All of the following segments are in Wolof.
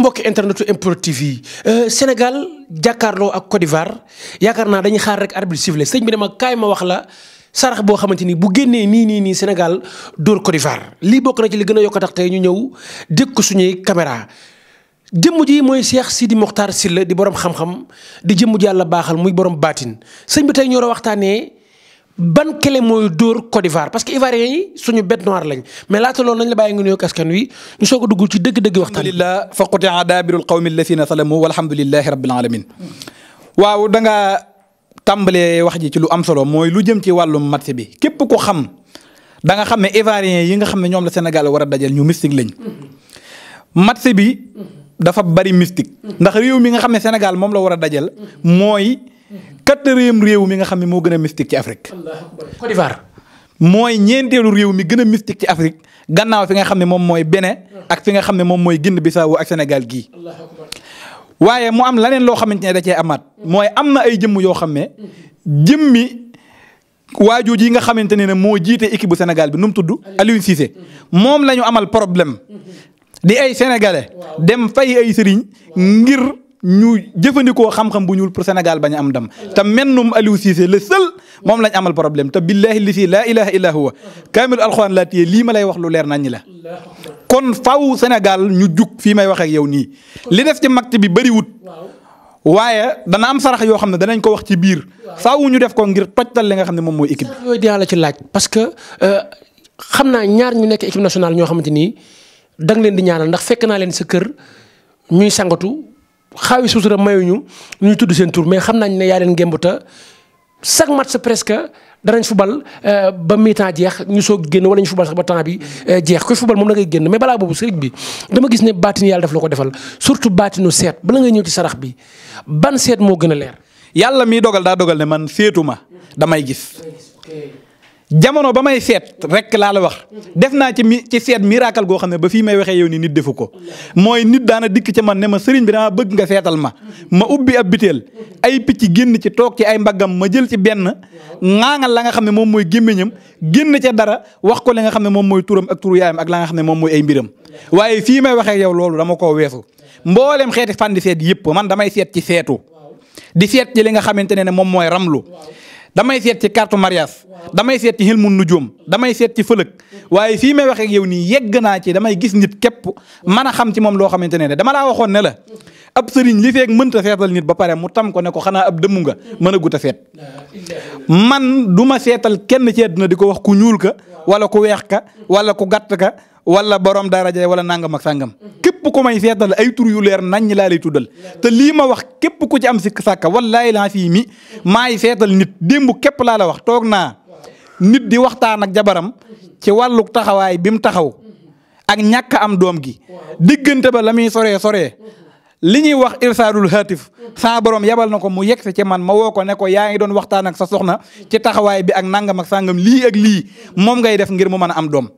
mbokki internetu MPROD TV yi euh, Sénégal jàkkaarloo ak Côte d'Ivoire yaakaar naa dañu xaar rek arbitre sifflé sëñ bi ne ma kaay ma wax la sarax boo xamante ni bu génnee nii nii nii Sénégal dóor Côte d'Ivoire lii bokk na ci li gën a yokk tax tey ñu ñëw dékk suñuy caméra jëmm ji mooy Cheikh Sidi Mokhtar Sylla di borom xam-xam di jëmm ji yàlla baaxal muy borom baatin sëñ bi tey ñoo waxtaanee. ban kële mooy dóor Côte d'Ivoire parce que Ivoiriens yi suñu bête noire lañ mais laata loolu nañ la bàyyi nga nuyoog askan wi ñu soog a dugg ci dëgg-dëgg waxtaan bi. alhamdulilah fa qutia daabirul qawmi allazina salamu walhamdulilahi rabbil alamin waaw da nga wax ji ci lu am solo mooy lu jëm ci wàllum match bi képp ko xam da nga xam ne Ivoiriens yi nga xam ne ñoom la Sénégal war a dajal ñu mystique lañ. match bi dafa bari mystique. ndax réew mi nga xam ne Sénégal moom la war a dajal mooy. quatrième réew mi nga xam ne moo gën a mystique ci Afrique. mooy ñeenteelu réew mi gën a mystique ci Afrique gannaaw fi nga xam ne moom mooy Bénin ak fi nga xam ne moom mooy Guinée Bissau ak Sénégal gii. waaye mu am leneen loo xamante ne da cee amaat mooy am na ay jëmm yoo xam ne jëmmi waajooju yi nga xamante ne ne moo jiite équipe bu Sénégal bi nu mu tudd Aliou moom la ñu amal problème mm-hmm. di ay sénégalais dem fay ay sëriñ ngir. ñu jëfandikoo xam-xam bu ñuul pour Sénégal bañ am dam te mennum Aliou Cissé le seul moom lañ amal problème te billahi li fii laa ilaha illa huwa kaamilu alxuraan laa téye lii ma lay wax lu leer nañ ñi la kon faw Sénégal ñu jug fii may wax yow nii li def ci mag bi bëriwut waaye dana am sarax yoo xam ne danañ ko wax ci biir faaw ñu def ko ngir tojtal li nga xam ne moom mooy équipe bi. dinaa la ci laaj parce que euh, xam naa ñaar ñu nekk équipe nationale ñoo xamante ni danga leen di ñaanal ndax fekk naa leen sa kër ñuy sangatu xaawi sutura mayuñu ñu tudd seen tur mais xam nañ ne yaa leen gémbuta chaque match presque danañ fubal euh, ba mi-temps jeex ñu soog génn wala ñu fubal sax ba temps bi euh, jeex koy fubal moom la génn mais balaa boobu sëriñ bi dama gis ne baatin yàlla daf la ko defal surtout baatinu seet bala ngay ñëw ci sarax bi ban seet moo gën a leer. yàlla mii dogal daa dogal ne man seetu ma damay gis. jamono ba may seet rek laa la wax def naa ci mi ci seet miracle goo xam ne ba fii may waxee yow ni nit defu ko mooy nit daana dikk ci man ne ma sëriñ bi dama bëgg nga seetal ma ma ubbi ab biteel ay picc génn ci toog ci ay mbaggam ma jël ci benn ŋaaŋal la nga xam ne moom mooy gémmiñam génn ca dara wax ko li nga xam ne moom mooy turam ak turu yaayam ak la nga xam moom mooy ay mbiram waaye fii may waxee yow loolu dama koo weesu mboolem xeeti fandi seet yëpp man damay seet ci seetu di seet ci li nga xamante ne ne moom mooy ramlu damay seet ci carte mariage damay seet ci xilmu nujuum damay seet ci fëlëg waaye fii may waxee ak yow nii yegg naa ci damay gis nit képp mën a xam ci moom loo xamante ne dama laa waxoon ne la ab sëriñ li feeg mënta seetal nit ba pare mu tam ko ne ko xanaa ab dëmm nga mën a gut a seet man duma seetal kenn ci na di ko wax ku ñuul ka wala ku weex ka wala ku gàtt ka wala borom daraja wala nangam ak sàngam képp ko may seetal ay tur yu leer naññ laa lay tuddal te lii ma wax képp ku ci am sikk sàkka wallaahi laa fii mi maay seetal nit démb képp laa la wax toog naa nit di waxtaan ak jabaram ci wàllu taxawaay bi mu taxaw ak ñàkk am doom gi diggante ba la muy soree soree li ñuy wax irsaadul hatif saa borom yabal na ko mu yegg si ci man ma woo ko ne ko yaa ngi doon waxtaan ak sa soxna ci taxawaay bi ak nangam ak sàngam lii ak lii moom ngay def ngir mu mën a am doom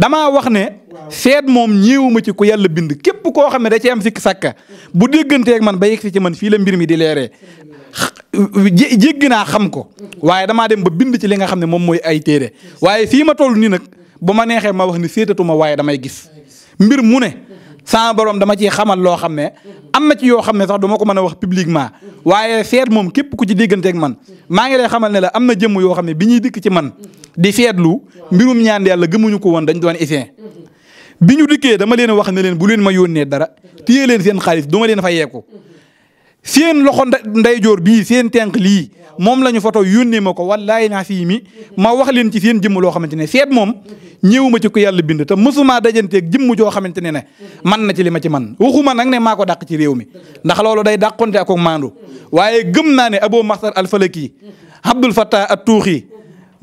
damaa wax ne seet moom ñëwuma ci ku yàlla bind képp koo xam ne da cee am sikk sàkka bu dégganteeg man ba yegg si ci man fii la mbir mi di leere jéggi naa xam ko waaye damaa dem ba bind ci li nga xam ne moom mooy ay téere waaye fii ma toll nii nag bu ma neexee ma wax ni séetatuma waaye damay gis mbir mu ne sama borom dama ciy xamal loo xam ne am na ci yoo xam ne sax duma ko mën a wax publiquement waaye seet moom képp ku ci dégganteeg man maa ngi lay xamal ne la am na jëmm yoo xam ne bi ñuy dikk ci man di seetlu mbirum ñaan yàlla gëmuñu ko woon dañu doon essayé bi ñu dikkee dama leen wax ne leen bu leen ma yónnee dara téye leen seen xaalis dooma leen fa yeeku seen loxo ndeyjoor bii seen tenk lii moom la ñu foto yónnee ma ko wallaay naa fii mi ma wax leen ci seen jëmm loo xamante ne seet moom ñëwuma ci ko yàlla bind te mësuma dajanteeg jëmm joo xamante ne ne man na ci lima ci man waxuma nag ne maa ko dàq ci réew mi ndax loolu day dàqonte ak maandu waaye gëm naa ne Abou Mahsar al Falaki Abdul Fattah at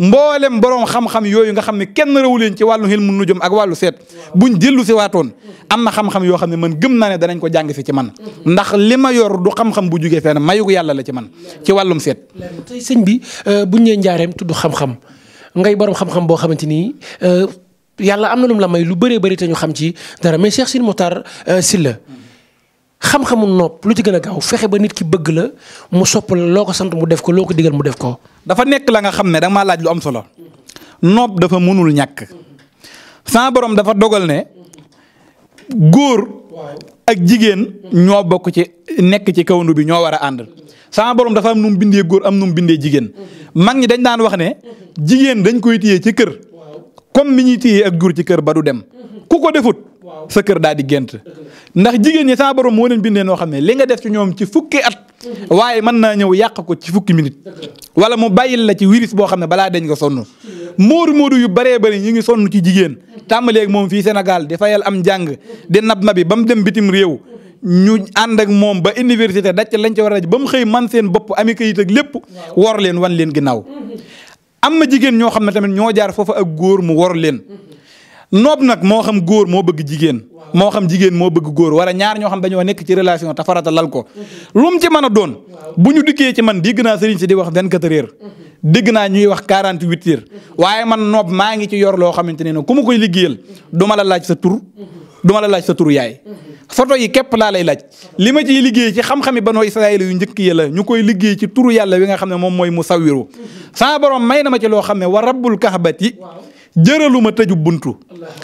mboolem borom xam-xam yooyu nga xam ne kenn rawu leen ci wàllu mun xilmu nujum ak wàllu seet buñ dellu si waatoon am na xam-xam yoo xam ne man gëm naa ne danañ ko jàng fi ci man ndax li ma yor du xam-xam bu jugee fenn mayu yàlla la ci man ci wàllum seet. tey sëñ bi euh, buñ ñee njaareem tudd xam-xam ngay borom xam-xam boo xamante ni euh, yàlla am na lum la may lu bëree bëri te ñu xam ci dara mais Cheikh Sine Mokhtar euh, Sylla xam-xamu nopp lu ci gën a gaaw fexe ba nit ki bëgg la mu sopp la loo ko sant mu def ko loo ko digal mu def ko. dafa nekk la nga xam ne da am solo nopp dafa mënul ñàkk sama borom dafa dogal ne góor ak jigéen ñoo bokk ci nekk ci kawandu bi ñoo war a ànd sama borom dafa am nu mu bindee góor am nu mu bindee jigéen mag ñi dañ daan wax ne jigéen dañ koy téye ci kër comme mi ñuy téye ak góor ci kër ba du dem ku ko defut. sa kër daal di gént ndax jigéen ñi saa borom moo leen bindee noo xam ne li nga def ci ñoom ci fukki at mhm. waaye mën naa ñëw yàq ko ci fukki minute wala mu bàyyil la ci wiris boo xam ne balaa dañ ko sonn moodu moodu yu bëree bëri ñu ngi sonn ci jigéen tàmbaleeg moom fii Sénégal di am jàng di nab nabi ba mu dem bitim réew ñu ànd ak moom ba université dacc lañ ci war a ba mu xëy man seen bopp ami kayit ak lépp wor leen wan leen gi naaw mhm. am na jigéen ñoo xam ne tamit ñoo jaar foofa ak góor mu wor leen mhm. noob nag moo xam góor moo bëgg jigéen moo xam jigéen moo bëgg góor wala ñaar ñoo xam dañoo nekk ci relation te farata lal ko lu mu ci mën a doon bu ñu dikkee ci man dégg naa sëriñ si di wax 24 heures dégg naa ñuy wax 48 heures waaye man noob maa ngi ci yor loo xamante ne ku ma koy liggéeyal du ma la laaj sa tur la laaj sa tur yaay photo yi képp laa lay laaj li ma ciy liggéey ci xam-xami banoo israel yu njëkk yi la ñu koy liggéey ci turu yàlla wi nga xam ne moom mooy mu sawiru sama borom may na ma ci loo xam ne wa rabbul kahbati jëraluma tëju buntu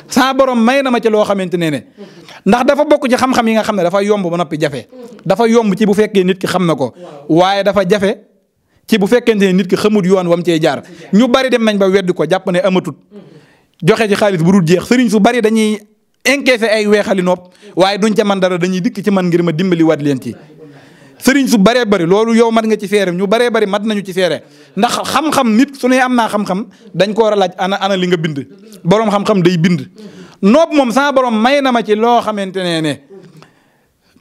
saa borom may na ma ci loo xamante ne ne ndax dafa bokk ci xam-xam yi nga xam ne dafa yomb ba noppi jafe dafa yomb ci bu fekkee nit ki xam na ko waaye dafa jafe ci bu fekkente ne nit ki xamut yoon wam cee jaar ñu bari dem nañ ba weddi ko jàpp ne amatut joxe ci xaalis bu dul jeex sëriñ su bari dañuy encaissé ay weexali nopp waaye duñ ca man dara dañuy dikk ci man ngir ma dimbali waat leen ci sëriñ su bëree bëri loolu yow mat nga ci seere ñu bare bëri mat nañu ci seere ndax xam-xam nit su ne am naa xam-xam dañ ko war a laaj ana ana li nga bind borom xam-xam day bind noob moom sama borom may na ma ci loo xamante ne ne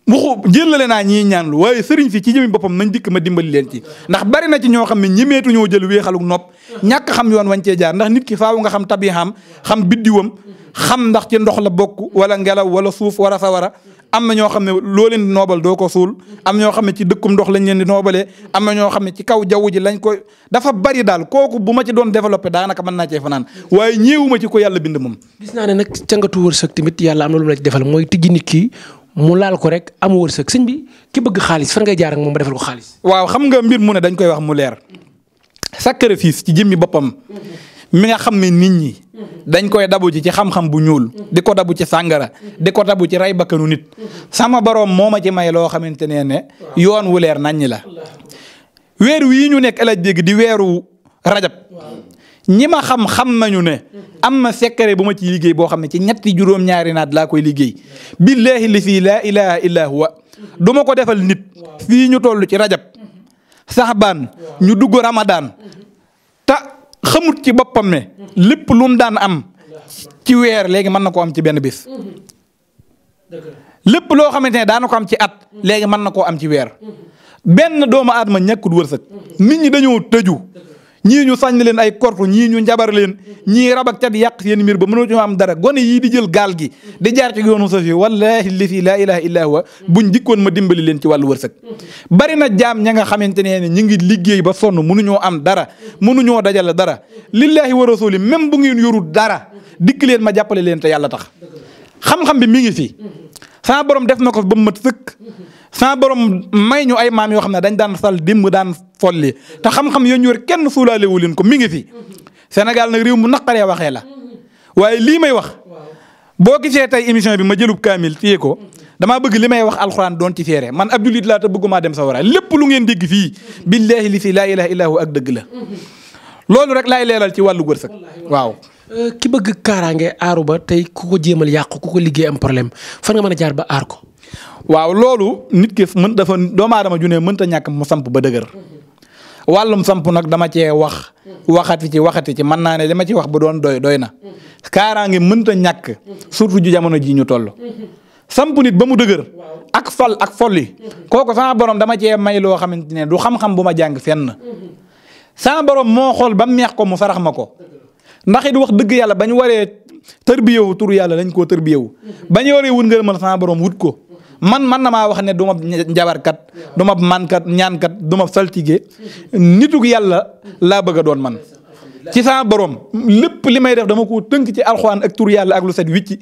muxu jëlale naa ñii ñaan lu waaye sëriñ si ci jëmi boppam nañ dikk ma dimbali leen ci ndax bari na ci ñoo xam ne ñemeetu ñoo jël weexaluk nopp ñàkk xam yoon wañ cee jaar ndax nit ki faaw nga xam tabihaam xam biddiwam xam ndax ci ndox la bokk wala ngelaw wala suuf wara sawara am na ñoo xam ne loo leen di noobal doo ko suul am ñoo xam ne ci dëkkum ndox lañ leen di noobalee am na ñoo xam ne ci kaw jaww ji lañ ko dafa bari daal kooku bu ma ci doon développé daanaka man naa cee fanaan waaye ñeewuma ci ko yàlla bind moom. gis naa ne nag cangatu wërsëg tamit yàlla am na lu mu la ci defal mooy tijji nit mu laal ko rek amu wërsëg sëñ bi ki bëgg xaalis fan ngay jaar ak moom ba defal ko xaalis. waaw xam nga mbir mu ne dañ koy wax mu leer sacrifice ci jëmmi boppam. mi nga xam ne nit ñi dañ koy dabu ji ci xam-xam bu ñuul di ko dabu ci sàngara di ko dabu ci ray bakkanu nit sama boroom moom ma ci may loo xamante ne ne yoon wu leer nañ ñi la weer wii ñu nekk alaj dégg di weeru rajab ñi ma xam xam nañu ne am na secret bu ma ci liggéey boo xam ne ci ñetti juróom-ñaari naat laa koy liggéey billaahi li fii laa ilaha du ma ko defal nit fii ñu toll ci rajab saxbaan ñu dugg ramadaan xamut ci boppam ne lépp lu daan am ci weer léegi mën na koo am ci benn bis lépp loo xamante ne daana ko am ci at léegi mën na koo am ci weer benn doomu aadama ñàkkut wërsëg nit ñi dañoo tëju ñii ñu sàññ leen ay kortu ñii ñu njabar leen ñii rab ak yàq seen miir ba mënoo ñoo am dara gone yii di jël gaal gi di jaar ci yoonu saf yi wallaahi li fi laa ilaha illa huwa buñ dikkoon ma dimbali leen ci wàllu wërsëg bari na jaam ña nga xamante ne ni ñu ngi liggéey ba sonn mënuñoo am dara mënuñoo dajale dara lillahi wa rasuli même bu ngeen yorul dara dikk leen ma jàppale leen te yàlla tax xam-xam bi mi ngi fi sama borom def na ko ba mu mat sëkk sans borom may ñu ay maam yoo xam ne dañ daan sal dimb daan folli te xam-xam yoo ñu kenn suulaale wu leen ko mi ngi fi. Sénégal na réew mu naqaree waxee la waaye lii may wax boo gisee tey émission bi ma jëlub kaamil téye ko dama bëgg li may wax alxuraan doon ci feere man Abdou Lidl laa te bëggumaa dem sa wara lépp lu ngeen dégg fii billaahi li fi laa ilaaha illaa hu ak dëgg la loolu rek laay leeral ci wàllu wërsëg waaw. ki bëgg kaaraange aaru ba tey ku ko jéemal yàqu ku ko liggéey problème fan nga mën a jaar ba aar ko. waaw loolu nit ki mën dafa doomu aadama ju ne mënta ñàkk mu samp ba dëgër mm-hmm. wàllum samp nag dama cee wax mm-hmm. waxati ci waxati ci mën naa ne dama ci wax ba doon doy doy na mm-hmm. kaaraange mënta ñàkk surtout ji jamono ji ñu toll samp nit ba mu dëgër ak fol ak folli kooku sama borom dama cee may loo xamante ne du xam-xam bu ma jàng seen sama borom moo xool ba mu neex ko mu sarax ma ko ndax it wax dëgg yàlla ba ñu waree tërbiyewu tur yàlla lañ koo tërbiyewu ba ñu waree wut ngërëmal sama borom wut ko. man man na maa wax ne du ma njabarkat du ma mankat ñaankat duma ma saltige nituk yàlla laa bëgg a doon man ci sama borom lépp li may def dama ko tënk ci alxuraan ak tur yàlla ak lu set wicc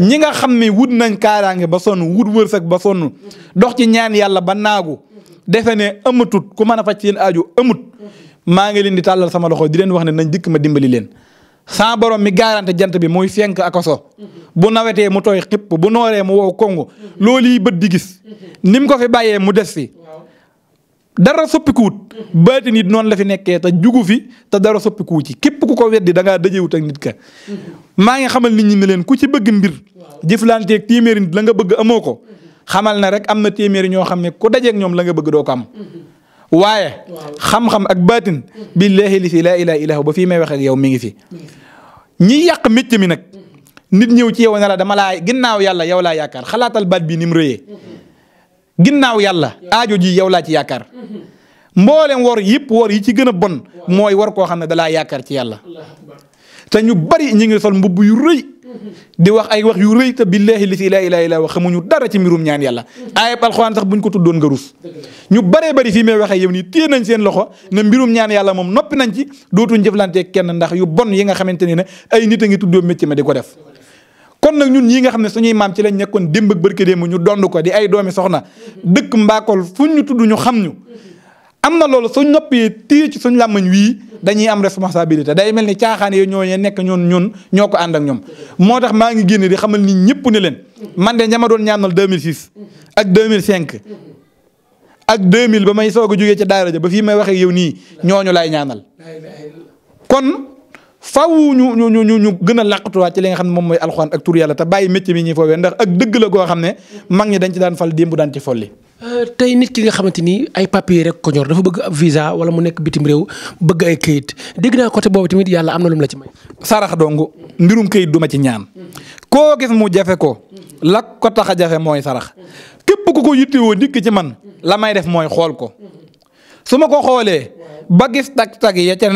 ñi nga xam ne wut nañ kaaraange ba sonn wut wërsëg ba sonn dox ci ñaan yàlla ba naagu defe ne amatut ku mën a faj seen aajo amut maa ngi leen di tàllal sama loxo di leen wax ne nañ dikk ma dimbali leen sans borom mi garanti jant bi muy fenk ak bu nawetee mu tooy xipp bu nooree mu wow kongo loolu yi bët di gis ni mu ko fi bàyyee mu des fi dara soppikuwut baati nit noonu la fi nekkee te jugu fi te dara soppikuwu ci képp ku ko weddi da ngaa dëjëwut ak nit ka maa ngi xamal nit ñi ne leen ku ci bëgg mbir jëflanteeg téeméeri nit la nga bëgg amoo ko xamal na rek am na téeméeri ñoo xam ne ku dajeeg ñoom la nga bëgg doo ko am waaye xam-xam ak baatin billaahi li fi laa ilaaha illaa ba fii may wax ak yow mi ngi fi ñi yàq métier mi nag nit ñëw ci yow ne dama laa ginnaaw yàlla yow laa yaakaar xalaatal baat bi ni mu ginnaaw yàlla aajo ji yow laa ci yaakaar mboolem wor yëpp wor yi ci gën a bon mooy war koo xam ne dalaa yaakaar ci yàlla te ñu bari ñi ngi sol mbubb yu di wax ay wax yu rëy te billaahi li si laa ilaaha illa wax xamuñu dara ci mbirum ñaan yàlla ayab alxuraan sax buñ ko tuddoon nga rus ñu bëree bëri fii may waxee yow nii téye nañ seen loxo ne mbirum ñaan yàlla moom noppi nañ ci dootuñ jëflantee kenn ndax yu bon yi nga xam ne ne ay nit a ngi tuddoo métier ma kon nag ñun ñii nga xam ne suñuy maam ci lañ nekkoon démb ak barke démb ñu dond ko di ay doomi soxna dëkk mbaakol fu ñu tudd ñu xam ñu am na loolu suñ noppee téye ci suñ làmmañ wii dañuy am responsabilité day mel ni caaxaan yooyu ñoo nekk ñoon ñun ñoo ko ànd ak ñoom moo tax maa ngi génne di xamal ni ñëpp ne leen man de ñama doon ñaanal 2006 ak cinq ak 2000 ba may soog a jógee ci daara ja ba fii may waxee yow nii ñooñu laay ñaanal kon faw ñu ñu ñu ñu gën a làqatuwaat ci li nga xam ne moom mooy alxuraan ak tur yàlla te bàyyi métier bi ñuy foowee ndax ak dëgg la goo xam ne mag ñi dañ ci daan fal démb daan ci folli Euh, tey nit ki nga xamante ni ay papier rek ko dafa bëgg a visa wala mu nekk bitim réew bëgg ay kayit dégg naa côté boobu tamit yàlla am na lu mu la may. sarax dong mbirum kayit duma ci ñaan koo gis mu jafe ko la ko tax a jafe mooy sarax képp ku ko yittewoo dikk ci man la may def mooy xool ko su ma ko xoolee ba gis tag-tag ya ca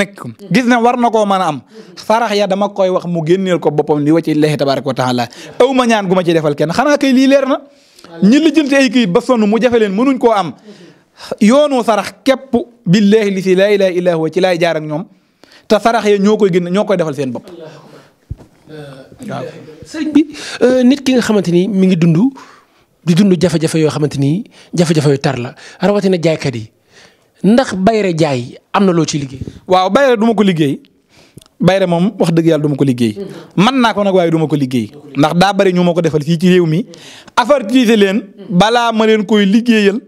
gis ne war na koo mën a am sarax ya wax mu génneel ko boppam li wa ci leexi tabaaraka wa taala aw ñaan gu ci defal kenn xanaa kay lii na. ñi lijjanti ay kayit ba sonn mu jafe leen mënuñ koo am yoonu sarax képp billahi li si laa ilaha illa huwa ci laay jaar ak ñoom te sarax ya ñoo koy génn ñoo koy defal seen bopp. Euh, bi euh, nit ki nga xamante ni mi ngi dundu di dundu jafe-jafe yoo xamante ni jafe-jafe yu tar la rawatina jaaykat yi ndax bayre jaay am na loo ciy liggéey. waaw bayre duma ko liggéey bayre moom wax dëgg yàlla du ko liggéey man naa ko nag waaye duma ko liggéey ndax daa bari ñu ma ko defal fii ci réew mi affaire leen balaa ma leen koy liggéeyal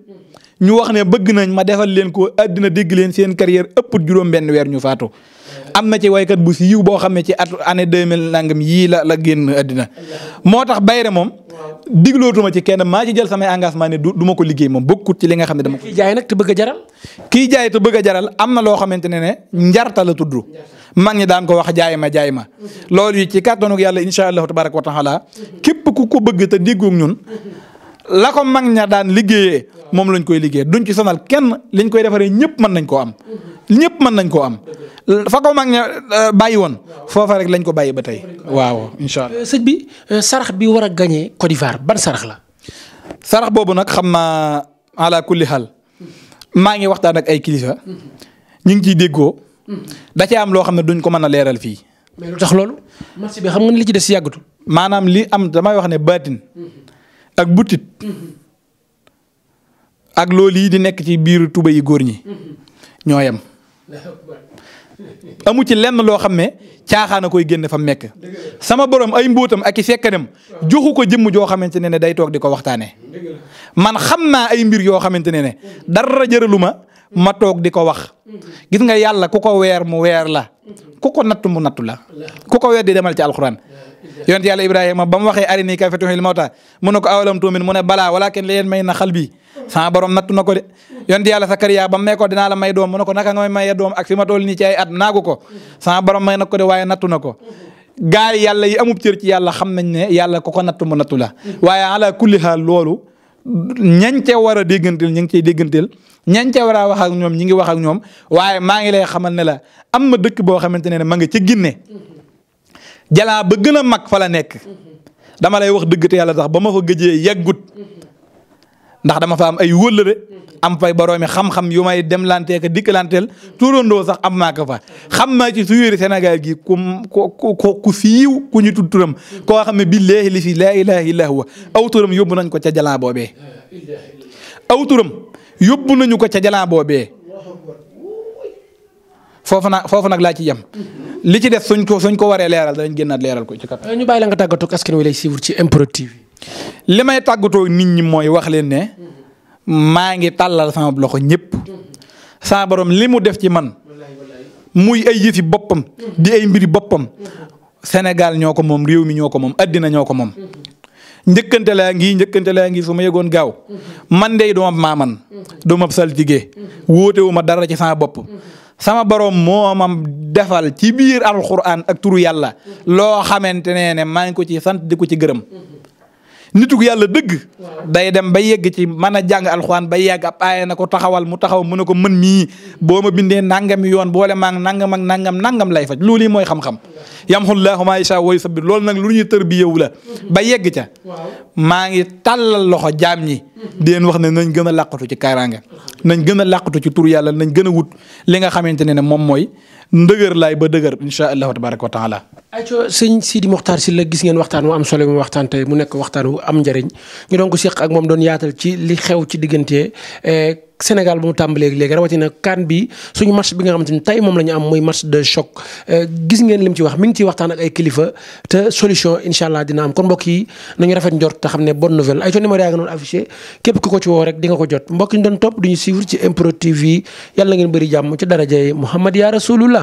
ñu wax ne bëgg nañ ma defal leen ko àddina dégg leen seen carrière ëpp juróom benn weer ñu faatu am na ci waykat bu yiw boo xamee ci at année deux mille nangam yii la la génn àddina moo tax Bayre moom diglootuma ci kenn maa ci jël samay engagement ne du ma ko liggéey moom bokkut ci li nga xam ne dama ko. kii jaay nag bëgg a jaral. jaay te bëgg a am na loo xamante ne ne njarta la tudd mag ñi daan ko wax jaay ma jaay ma loolu yi ci kàttanu yàlla incha allahu tabaraka wa taala képp ku ko bëgg te déggoog ñun. la man mag ña daan liggéeye moom lañ koy liggéey duñ ci sonal kenn liñ koy defaree ñëpp mën nañ koo am ñëpp mën nañ koo am fako ko mag euh, bàyyi woon foofa rek lañ ko bàyyi ba tey waaw incha allah. Euh, sëñ bi euh, sarax bi war a gagné Côte d'Ivoire ban la. sarax boobu nag xam naa ala kulli xaal maa ngi waxtaan ak ay kilifa ñu ngi ciy déggoo da ci am loo xam ne duñ ko mën a leeral fii. mais lu tax loolu. marché bi xam li ci des yàggatu. maanaam li am damay wax ne baatin ak butit mm-hmm. ak loolu yi di nekk ci biir tuba yi góor ñi mm-hmm. ñoo yem amu ci lenn loo xam ne caaxaan a koy génn fa mu nekk sama boroom ay mbóotam ak i sekkanam joxu ko jëmm joo xamante ne ne day toog di ko waxtaane man xam naa ay mbir yoo xamante ne ne dara jëralu ma ma toog di ko wax mm-hmm. gis nga yàlla ku ko weer mu weer la ku ko nattu mu nattu la ku ko weddi demal ci alxuraan yonent yàlla ibrahima ba mu waxee arini kayfa tuhil mawta mu ne ko awalam tuumin mu ne balaa walakin leen may na xal bi sama borom nattu na ko de yonent yàlla sakariya ba mu may ko dinaa la may doom mu ne ko naka nga may maye doom ak fi ma toll nii ci ay at naagu ko sama borom may na ko de waaye nattu na ko gaay yàlla yi amub cër ci xam nañ ne yàlla ku nattu mu nattu la waaye ala kulli haal loolu a déggantil ña ngi cey ñañ ca war a wax ak ñoom ñi ngi wax ak ñoom waaye maa ngi lay xamal ne la am ma dëkk boo xamante ne ma nga ca Ginne jalaa ba gën a mag fa la nekk dama lay wax dëgg te yàlla sax ba ma fa géjee yeggut ndax dama fa am ay wëllëre am fay boroomi xam-xam yu may demlantee ka dikkalanteel turandoo sax am naa ko fa xam naa ci suyéeri senegal gi ku ku ku ku siiw ku ñu tudd turam koo xam ne bi li fi laa ilaaha aw turam yóbbu nañ ko ca jalaa boobee aw yóbbu nañu ko ca jalaa boobee foofu nag foofu nag laa ci yem li ci def suñ ko suñ ko waree leeral danañ génnaat leeral ko ci kat. ñu bàyyi la nga tàggatoo ak askan wi lay suivre li may tàggatoo nit ñi mooy wax leen ne maa ngi tàllal sama loxo ñëpp saa borom li mu def ci man muy ay yëfi boppam di ay mbiri boppam Sénégal ñoo ko moom réew mi ñoo ko moom addina ñoo ko moom. njëkkante laa ngi njëkkante laa ngi su ma yëgoon gaaw mhm. man dey duma maaman mhm. doomam saltige wóote wu ma dara ci sama bopp mhm. sama borom moo ma defal ci biir alxuraan ak turu yàlla loo xamante ne ne maa ngi ko ci sant di ko ci gërëm nituk yàlla dëgg day dem ba yegg ci man a jàng alxuraan ba yegg ab aaya na ko taxawal mu taxaw mu ne ko mën mii boo ma bindee nangami yoon boole maa ngi nangam ak nangam nangam lay faj loolu yi mooy xam-xam yamxullaahu maa yashaa wa yusabbit lool nag lu ñuy tër bi yow la ba yegg ca maa ngi tallal loxo jaam ñi di leen wax na nañ gën a làqatu ci kaaraange nañ gën a làqatu ci tur yàlla nañ gën a wut li nga xamante ne ne moom mooy ndëgër laay ba dëgër incha allahu wa taala ayco sëñ Sidi Mokhtar Sylla gis ngeen waxtaan wu am solo mu waxtaan tey mu nekk waxtaan wu am njëriñ ñu doon ko séq ak moom doon yaatal eh, bi suñu match bi nga xamante ni tey moom la ñu am muy match de choc eh, gis ngeen lim ci wax mi ngi ciy waxtaan ak ay kilifa te solution incha allah dina am kon mbokk yi nañu rafet njort te xam ne bonne nouvelle ayco numéro yaa nga noonu affiché képp ku ko ci woo rek di nga ko jot mbokk ñu doon topp duñu suivre ci MPROD TV yàlla ngeen bëri jàmm ci darajay Muhammad ya Rasulullah